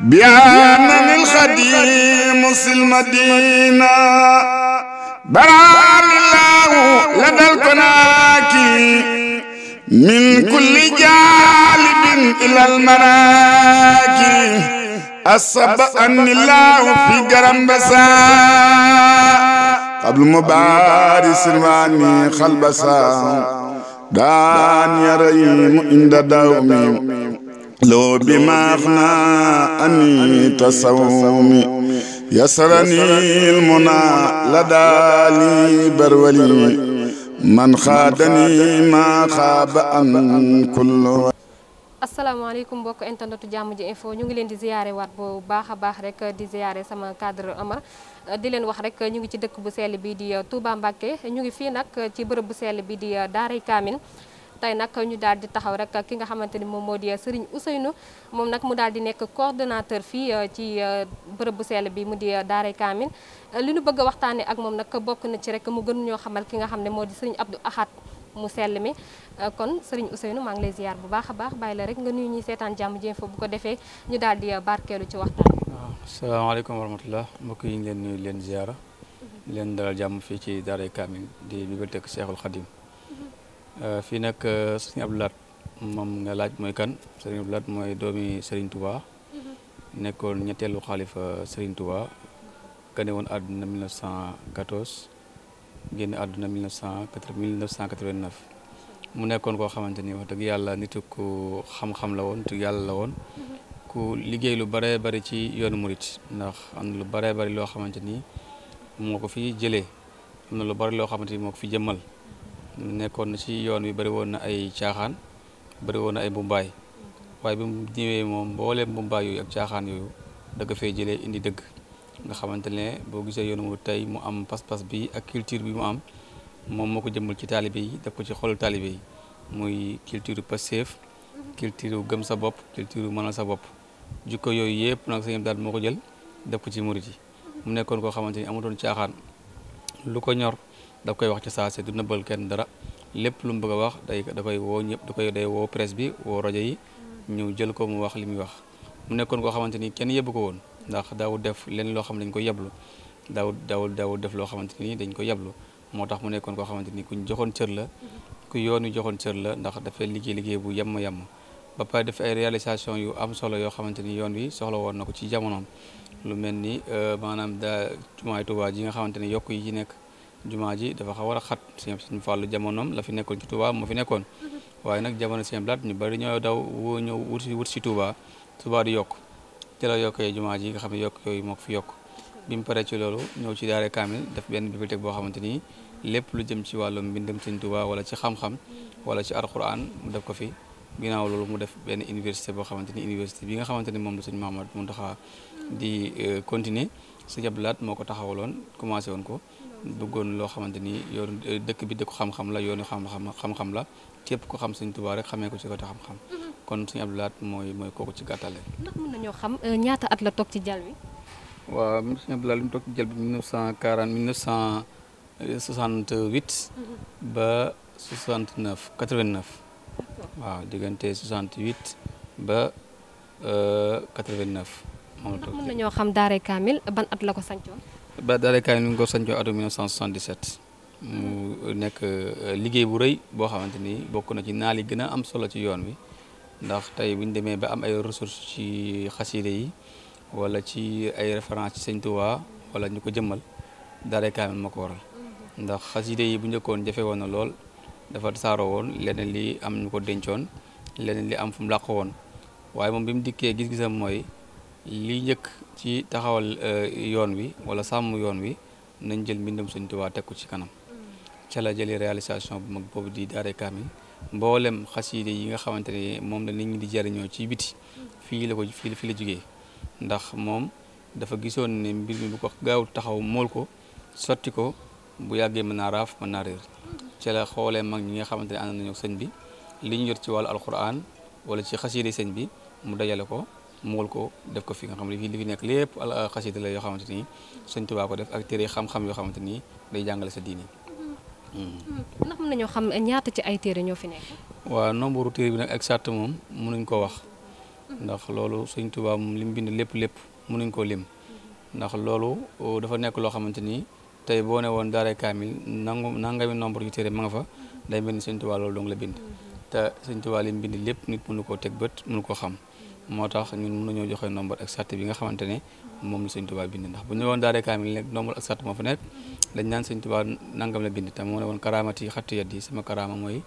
بأنني الخديم في المدينة براني الله لدى الكناكي من كل جالب إلى المناكي أصب أن الله في قرم بسا قبل مبارس رواني خلبسا دان يريم عند دومي لو بما أغناني تصومي يسرني المنى لدى لي برولي من خادني ما خاب أن كل asalaamaaleykum mbokk internetu jàmm ji info ñu ngi leen di ziyaare waat bu baax a baax rek di ziyaare sama cadre Amar di leen wax rek ñu ngi ci dëkk bu sell bi di Touba Mbacké ñu ngi fii nag ci bërëb bu sell bi di Daaray Kaamil tey nag ñu daal di taxaw rek ki nga xamante ni moom moo di Serigne Ousseynou moom nag mu daal di nekk coordonnateur fii euh, ci euh, bërëb bu sell bi mu di euh, Daaray Kaamil li ñu bëgg a waxtaanee ak moom nag bokk na ci rek mu gën ñoo xamal ki nga xam ne moo di Serigne Abdou Ahad mu sell mi kon Serigne Ousseynou maa ngi lay ziar bu baax a baax bàyyi la rek nga nuyu ñuy seetaan jàmm ji info bu ko defee ñu daal di barkeelu ci waxtaan waaw salaamaaleykum wa rahmatullah mbokk yi ñu leen nuyu leen ziara mm-hmm. leen dalal jàmm fii ci Daaray Kaamil di bibliothèque Cheikhul Khadim Euh, fii nag euh, sëriñ Abdou Lahad moom nga laaj mooy kan sëriñ Abdou Lahad mooy doomi sëriñ Touba mhm. nekkoon ñetteelu xaalifa sëriñ Touba gane woon àdduna 1914 génn àdduna 1989 mu nekkoon koo xamante ni dëgg yàlla nitu ku xam-xam la woon nitu yàlla la woon mhm. ku liggéey lu bare bari ci yoonu murit ndax am na lu bare bari loo xamante ni moo ko fi jëlee am na lu bari loo xamante ni moo ko fi jëmmal nekkoon na ci yoon wi bëri woon na ay caaxaan bëri woon na ay bumbaay waaye bi mu ñëwee moom mbooleem bumbaay yooyu ak caaxaan yooyu da fee jëlee indi dëgg nga xamante ne boo gisee yoon mu tey mu am pas-pas bi ak culture bi mu am moom moo ko jëmmal ci taalibe yi def ko ci xolu taalibe yi muy culture passif culture gëm sa bopp culture mënal sa bopp jikko yooyu yëpp nag sëñ daal moo ko jël def ko ci murit yi mu nekkoon koo xamante ni amutoon caaxaan lu ko ñor da koy wax ci saase du nëbbal kenn dara lépp lu mu bëgg a wax day da koy woo ñëpp da koy day woo presse bi woo rajo yi ñëw jël ko mu wax li muy wax mu nekkoon koo xamante ni kenn yebbu ko woon ndax daawul def leen loo xam ne dañ ko yeblu daawul daawul daawul def loo xamante ni dañ ko yeblu moo tax mu nekkoon koo xamante ni kuñ joxoon cër la ku yoon wi joxoon cër la ndax dafay liggéey liggéey bu yemm yemm ba pare def ay réalisation yu am solo yoo xamante ni yoon wi soxla woon na ko ci jamonoom lu mel ni euh, maanaam daa jumaay Tuubaa ji nga xamante ni yokk yi ci nekk jumaa ji dafa xaw a xat sëñ Fallou jamonoom la fi nekkoon ci Touba moo fi nekkoon waaye nag jamono sëñ Blaat ñu bari ñoo daw woo ñëw wut si wut si Touba Touba di yokk ci la yokkee jumaa ji nga xam ne yokk yooyu moo ko fi yokk bi mu paree ci loolu ñëw ci daare kaamil def benn bibliothèque boo xamante ni lépp lu jëm ci wàllum mbindam sëñ Touba wala ci xam wala ci alxuraan mu def ko fi ginnaaw loolu mu def benn université boo xamante ni université bi nga xamante ni moom la sëñ Mamadou Mountakha di euh, continuer sëñ Blaat moo ko taxawaloon commencé woon ko bëggoon loo xamante ni yoon eh, dëkk bi dëkku xam-xam la yoonu xam-xam xam-xam la képp ko xam Sëñ Tuubaa rek xamee ko ci côté xam-xam mm-hmm. kon Sëñ Abdou mooy mooy kooku ci gàttale ndax xam eh, ñaata at la toog ci jal bi waaw Sëñ Abdou Lahat li mu toog ci jal bi 1940 1968 mm-hmm. ba 69 89 waaw diggante 68 ba 89 euh, moom la toog mën nañoo kaamil ban at la ko sancoon ba daara kaay ñu ngi ko sañcoo atum 1977 mu nekk euh, liggéey bu rëy boo xamante ni bokk na ci naa li gën a am solo ci yoon wi ndax tey bu demee ba am ay ressources ci xaside yi wala ci ay référence ci Sëñ Tuubaa wala ñu ko jëmmal daara kaamil ma ko waral ndax xaside yi bu njëkkoon jafe woon na lool dafa saaroo woon leneen li am ñu ko dencoon leneen li am fu mu làqu woon waaye moom bi mu dikkee gis-gisam mooy li njëkk ci taxawal euh, yoon wi wala sàmm yoon wi nañ jël mbindum Sëñ Tuubaa teg ko ci kanam mm. ca la jëlee réalisation bu mag boobu di Daaray Kaamil mboolem xasiide yi nga xamante ne moom la nit ñi di jariñoo ci biti mm. fii la ko fii la fi la jógee ndax moom dafa gisoon ne mbir mi bu ko gaaw taxaw mool ko sotti ko bu yàggee mën naa raaf mën naa réer mm. ca la xoolee mag ñi nga xamante ne ànd nañu sëñ bi liñ yor ci wàllu alquran wala ci xasiide sëñ bi mu dajale ko mu wal ko def ko fi nga xam ne li fi nekk lépp al xasida la yoo xamante ni Sëñ ko def ak téere xam yoo xamante ni day jàngale sa diini. Mm-hmm. nañoo xam ñaata ci ay téere ñoo fi waaw nombre téere bi nag exact moom mënuñ koo wax. ndax loolu Sëñ Tuubaa moom li mu bind lépp lépp mënuñ koo lim. ndax loolu oh, dafa nekk loo xamante ni tey boo ne woon daaray kaamil nangu nangami nombre yu téere ma nga fa day mel ni Sëñ Tuubaa loolu dong la bind. Mm-hmm. te Sëñ Tuubaa li mu bind lépp nit mënu koo teg bët munu koo xam. moo tax ñun mënuñoo joxe nombre exact bi nga xamante ne moom la sëñ Tuubaa bind ndax bu ñu woon daare kaamil nekk nombre exact moo fa naan sëñ Tuubaa nangam la bind te moo ne woon karaamati xattu yat yi sama karaama mooy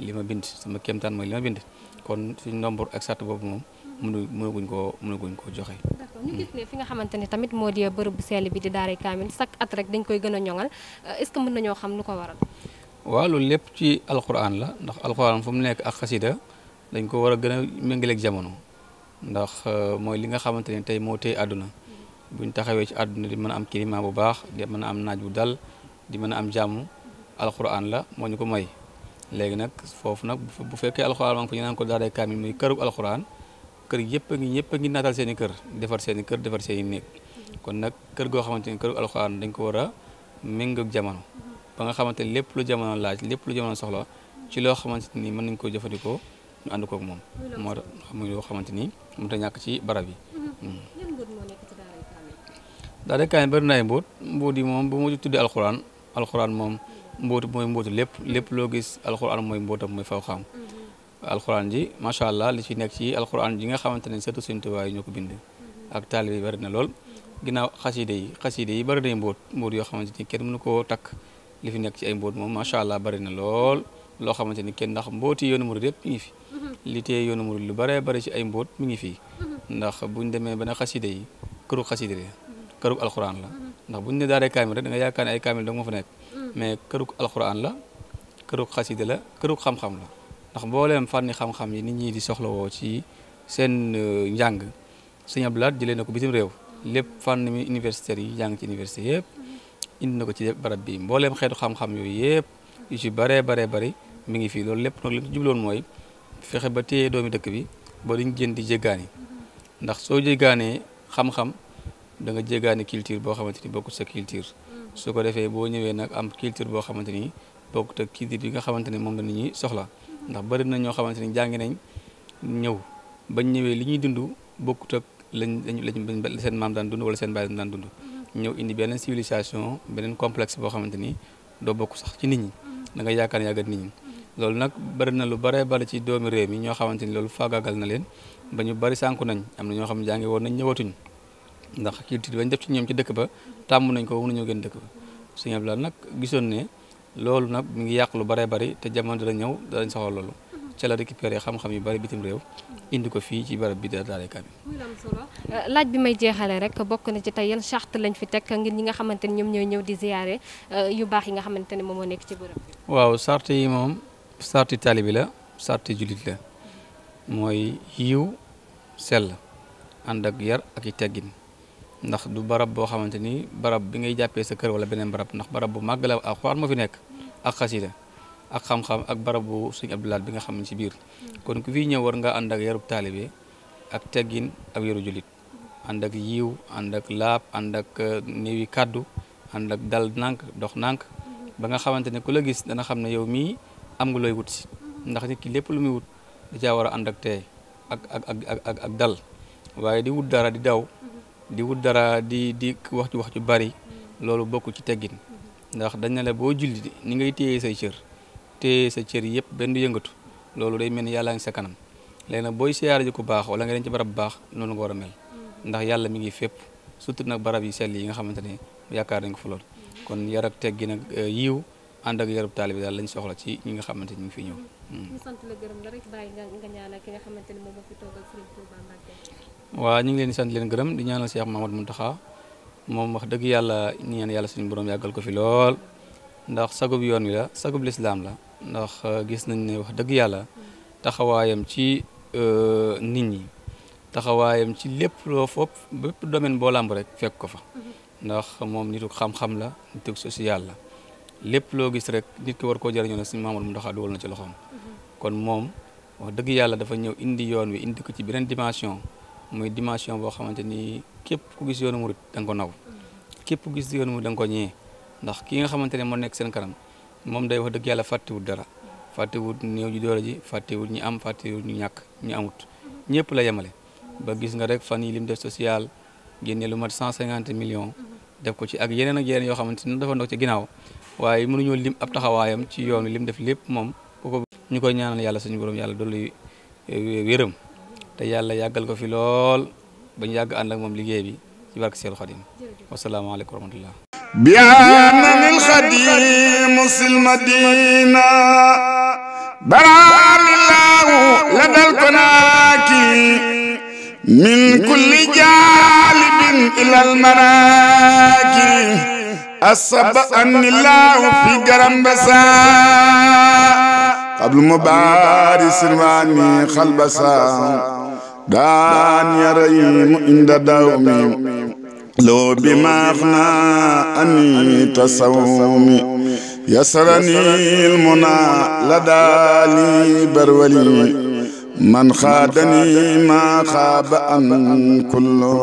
li ma bind sama kéemtaan mooy li ma bind kon suñ nombre exact boobu moom mënu mënaguñ koo mënaguñ koo joxe. d'accord ñu fi nga xamante ne tamit moo di bërëb bu sell bi di daare kaamil chaque at rek dañ koy gën a ñoŋal euh, est-ce que mën nañoo xam lu ko waral. waaw loolu lépp ci alquran la ndax alquran fu mu nekk ak xasida dañ ko war a gën a méngaleeg jamono ndax euh, mooy li nga xamante ne tey moo téye àdduna buñ taxawee ci àdduna di mën a am climat bu baax di mën a am naaj bu dal di mën a am jàmm alxuraan la moo ñu ko may léegi nag foofu nag bu fekkee alxuraan maa ngi fa ñu ko daaray kaamil muy këru alxuraan kër yëpp a ngi ñëpp a seen i kër defar seen i kër defar i néeg kon nag kër goo xamante ni këru alxuraan dañ ko war a méngoog jamono ba nga xamante ni lépp lu jamono laaj lépp lu jamono soxla ci loo xamante ni mën nañ ko jëfandikoo ñu ànd koog moom. moo tax muy loo xamante ni mënut a ñàkk ci barab yi. daal de kaay na ay mbóot mboot yi moom bu ma alxuraan alxuraan moom mbóot mooy mbóotu lépp lépp loo gis alxuraan mooy mbóotam mooy faw xam mm-hmm. alxuraan ji macha allah li ci nekk ci alxuraan ji nga xamante ne surtout suñu ñoo ko bind mm-hmm. ak taalibe yi bari na lool mm-hmm. ginnaaw xaside yi xaside yi bari na mbóot mboot yoo xamante ni kenn mënu koo takk li fi nekk ci ay mbóot moom macha allah bari na lool loo xamante ni kenn ndax mbóoti yoo nu yëpp ñu ngi li yoonu murid lu bare bari ci ay mboot mi ngi fii ndax buñ demee ba ne xaside yi këru xaside la këru alxuraan la ndax buñ ne daaree kaamil rek da nga yaakaar ne ay kaamil dong ma fa nekk mais këru alxuraan la këru xaside la këru xam-xam la ndax mbooleem fànni xam-xam yi nit ñi di soxlawoo ci seen euh, njàng sëñ Abdoulaat jëlee na ko bitim réew lépp fànn mi universitaires yi jàng ci université yëpp indi na ko ci barab bi mbooleem xeetu xam yooyu yëpp yu ci baree baree bari mi ngi fii loolu lépp nag jubloon mooy fexe ba téye doomi dëkk bi ba duñ jën di jéggaani ndax soo jéggaanee xam-xam da nga culture boo xamante ni bokkut sa culture mm. su ko defee boo ñëwee nag am culture boo xamante ni bokkut ak yi nga xamante ni moom la nit ñi soxla ndax bëri na ñoo xamante ni jàngi nañ ñëw bañ ñëwee li ñuy dund bokkut ak lañ lañ seen maam daan dund wala seen baay daan dundu mm-hmm. ñëw indi beneen civilisation beneen complexe boo xamante ni doo bokk sax ci nit ñi mm-hmm. da nga yaakaar yàggat nit ñi loolu nag bari na lu baree bari ci doomi réew mi ñoo xamante ni loolu faagaagal na leen ba ñu bari sànku nañ am na ñoo xam ne jàngi woon nañ ñëwatuñ ndax culture bañ def ci ñoom ci dëkk ba tàmm nañ ko mënuñoo gën dëkk ba Sëñ nag gisoon ne loolu nag mi ngi yàq lu baree bari te jamono dana ñëw danañ soxla loolu ca la récupéré xam-xam yu bari bitim réew indi ko fii ci barab bi da daal kaamil muy euh, laaj bi may jeexalee rek bokk na ci tey yan charte lañ fi teg ngir ñi nga xamante ni ñoom ñooy ñëw di ziyaare euh, yu baax yi nga xamante ni moom moo nekk ci bërëb waaw charte yi moom sarti taalibi la sarti julit la mooy yiw sell ànd ak yar ak i teggin ndax du barab boo xamante ni barab bi ngay jàppee sa kër wala beneen barab ndax barab bu màgg la alxuraan fi nekk ak xasida ak xam-xam ak barab bu suñu abdulaat bi nga xam ne ci biir kon ku fi ñëw war nga ànd ak yarub taalibe ak teggin ak yaru julit ànd ak yiw ànd ak laab ànd ak euh, néewi kàddu ànd ak dal nànk dox nànk ba nga xamante ne ku la gis dana xam ne yow mii am nga looy wut si ndax nit kii lépp lu muy wut da caa war a ànd ak tey ak ak ak ak ak dal waaye di wut dara di daw di wut dara di di wax ci wax ju bari loolu bokk ci teggin ndax dañ ne la boo julli ni ngay téye say cër téye sa cër yëpp benn yëngatu loolu day mel ni yàlla ngi sa kanam léegi nag booy siyaare ji ku baax wala nga dem ci barab bu baax noonu nga war a mel ndax yàlla mi ngi fépp surtout nag barab yi sell yi nga xamante ne yaakaar nañ ko fa lool kon yar ak teggi nag euh, yiw ànd ak yarub taalibe daal lañ soxla ci ñi nga xamante ñu ngi fi ñëw. Mm. ñu la gërëm la nga ñaanal ki fi toogal ñu ngi leen di sant leen gërëm di ñaanal Cheikh Mamadou taxa moom wax dëgg yàlla ñaan yàlla suñu borom yàggal ko fi lool ndax sagub yoon wi la sagub lislaam la ndax euh, gis nañ ne wax dëgg yàlla mm. taxawaayam ci euh, nit ñi taxawaayam ci lépp loo fopp bépp domaine boo làmb rek fekk ko fa mm-hmm. ndax moom nitu xam-xam la nitu social la. lépp loo gis rek nit ki war koo jëriñoo ne suñu Mamadou Mountakha dugal na ci loxoom. kon moom wax dëgg yàlla dafa ñëw indi yoon wi indi ko ci beneen dimension muy dimension boo xamante ni képp ku gis yoonu murit da nga ko naw képp gis yoonu murit da nga ko ñëwee ndax ki nga xamante ne moo nekk seen kanam moom day wax dëgg yàlla fàttewut dara fàttewut néew ji doole ji fàttewut ñu am fàttewut ñu ñàkk ñu amut ñëpp la yemale ba gis nga rek fan yi lim def social génne lu mat 150 million def ko ci ak yeneen ak yeneen yoo xamante ni dafa ndox ci ginnaaw waaye mënuñoo lim ab taxawaayam ci yoon wi lim def lépp moom ku ko ñu koy ñaanal yàlla suñu borom yàlla dolli eh, wéram te yàlla yàggal ko fi lool bañ yàgg ànd moom liggéey bi ci barke Seexul Xadim wasalaamaaleykum wa rahmatullah بأن الخديم المدينة برام الله لدى الكناك من كل جانب إلى المناكب asaba anillahu fi garambasa qablu mubari sirwani khalbasa dan yarim inda dawmi لو بما أغنى أني تصومي يسرني المنى لدى لي برولي من خادني ما خاب أن كل